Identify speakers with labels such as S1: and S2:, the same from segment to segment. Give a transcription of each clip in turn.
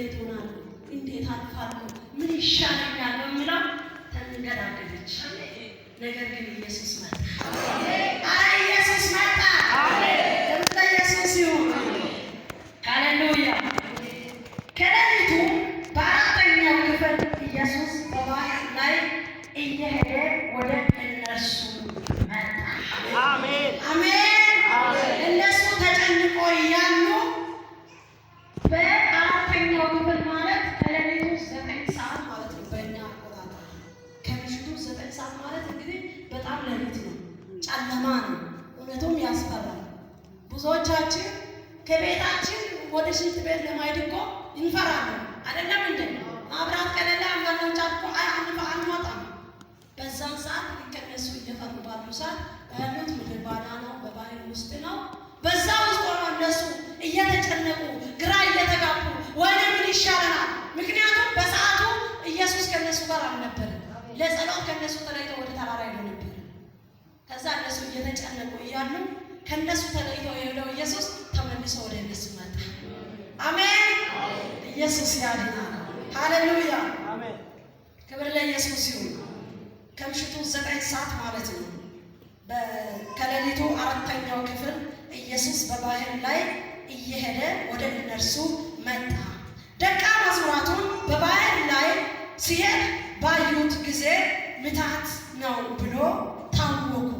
S1: እንዴት ሆናለሁ፣ እንዴት አልፋለሁ፣ ምን ይሻለኛል በሚለው ተንገዳገደች። ነገር ግን ኢየሱስ መጣ። አረ ኢየሱስ መጣ። ደምታ ኢየሱስ ይሁን። ሃሌሉያ። ከሌሊቱ በአራተኛው ክፍል ኢየሱስ በባህር ላይ እየሄደ ጨለማ ነው። እውነቱም ያስፈራል። ብዙዎቻችን ከቤታችን ወደ ሽንት ቤት ለማሄድ እኮ እንፈራለን። አይደለም እንደ መብራት ከሌለ አንዳንዶቻችን እኮ አይ አንመጣም። በዛን ሰዓት ሊቀነሱ እየፈሩ ባሉ ሰዓት ያሉት ምድር ባዳ ነው፣ በባህር ውስጥ ነው። በዛ ውስጥ ሆኖ እነሱ እየተጨነቁ ግራ እየተጋቡ ወደ ምን ይሻለናል? ምክንያቱም በሰዓቱ ኢየሱስ ከነሱ ጋር አልነበረ። ለጸሎት ከነሱ ተለይቶ ወደ ተራራ ይሆንብን ከዛ እነሱ እየተጨነቁ እያሉ ከእነሱ ተለይተው የሄደው ኢየሱስ ተመልሶ ወደ እነሱ መጣ። አሜን። ኢየሱስ ያድናል። ሃሌሉያ። ክብር ለኢየሱስ ይሁን። ከምሽቱ ዘጠኝ ሰዓት ማለት ነው ከሌሊቱ አራተኛው ክፍል ኢየሱስ በባህር ላይ እየሄደ ወደ እነርሱ መጣ። ደቀ መዝሙራቱን በባህር ላይ ሲሄድ ባዩት ጊዜ ምታት ነው ብሎ ታወቁ።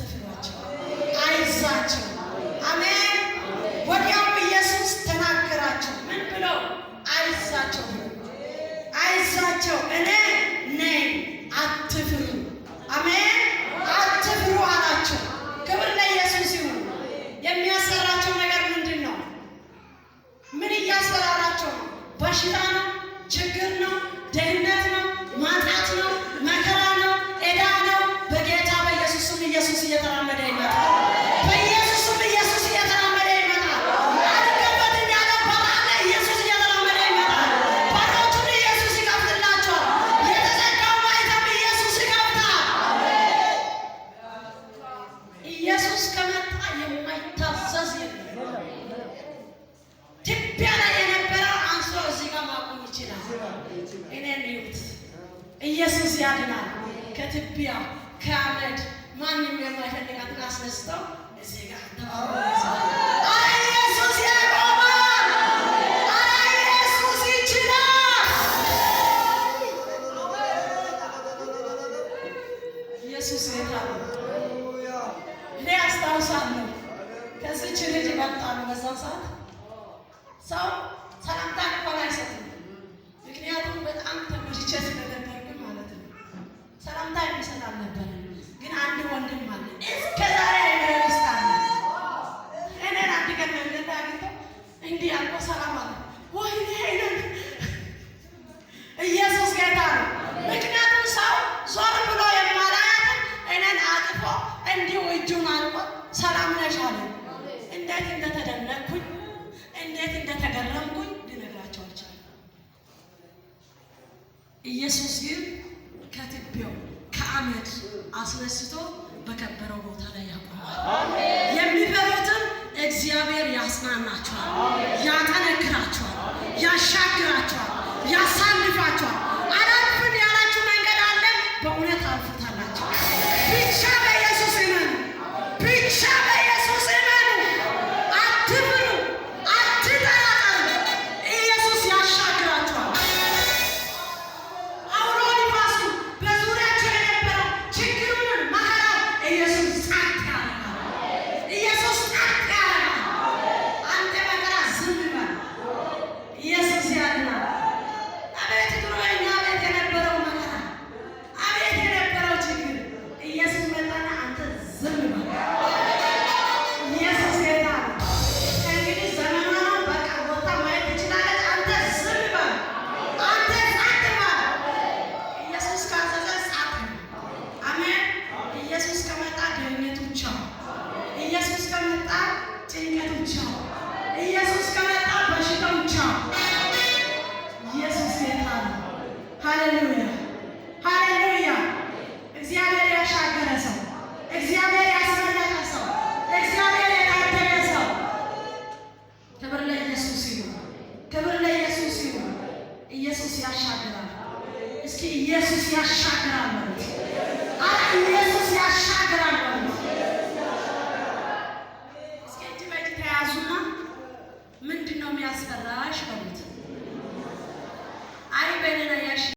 S1: አትፍሯቸው፣ አይዟቸው። አሜን። ወዲያውም ኢየሱስ ተናገራቸው። ምን ብሎ? አይዟቸው፣ አይዟቸው፣ እኔ ነኝ፣ አትፍሩ። አሜን። አትፍሩ አላቸው። ክብር ለኢየሱስ ይሁን። የሚያሰራቸው ነገር ምንድን ነው? ምን እያሰራራቸው ነው? በሽታ ነው፣ ችግር ነው፣ ድህነት ነው፣ ማጣት ነው፣ መከራ ነው፣ ዕዳ እየተራመደ ይመጣል። በኢየሱስም ኢየሱስ እየተራመደ ይመጣል። አልገበትን ያለ ቦታ አለ። ኢየሱስ እየተራመደ ይመጣል። በሮቹን ኢየሱስ ይከፍትላቸዋል። የተዘጋው ማይተም ኢየሱስ ይከፍታል። ኢየሱስ ከመጣ የማይታዘዝ የለም። ትቢያ ላይ የነበረ አንስቶ እዚህ ጋር ማቆም ይችላል። እኔን ይዩት። ኢየሱስ ያድናል ከትቢያ ከአመድ ማንም የማይፈልጋትን አስነስተው እዚህ ጋር ሰው ሰላምታ እንኳን አይሰጥም። አንድ ወንድም አለ። እስከዛሬ ዩኒቨርስቲ አለ። እኔን አንድ ቀን መንገድ አግኝተው እንዲህ አልቆ ሰላም አለ ወይ ኢየሱስ ጌታ ነው። ምክንያቱም ሰው ዞር ብሎ የማላያትን እኔን አቅፎ እንዲሁ እጁን አልቆ ሰላም ነሽ አለ። እንዴት እንደተደነቅኩኝ እንዴት እንደተገረምኩኝ ልነግራቸው አልቻልኩም። ኢየሱስ ግን ከትቤው አመት አስነስቶ በከበረው ቦታ ላይ
S2: ያቆማል።
S1: የሚፈሩትን እግዚአብሔር ያጽናናቸዋል፣ ያጠነክራቸዋል፣ ያሻግራቸዋል፣ ያሳልፋቸዋል። ሃሌሉያ ሃሌሉያ። እግዚአብሔር ያሻገረ ሰው፣ እግዚአብሔር ያስመለጠ ሰው፣ እግዚአብሔር የታደገ ሰው። ክብር ለኢየሱስ ይሁን፣ ክብር ለኢየሱስ ይሁን። ኢየሱስ ያሻግራል። እስኪ ኢየሱስ ያሻግራል።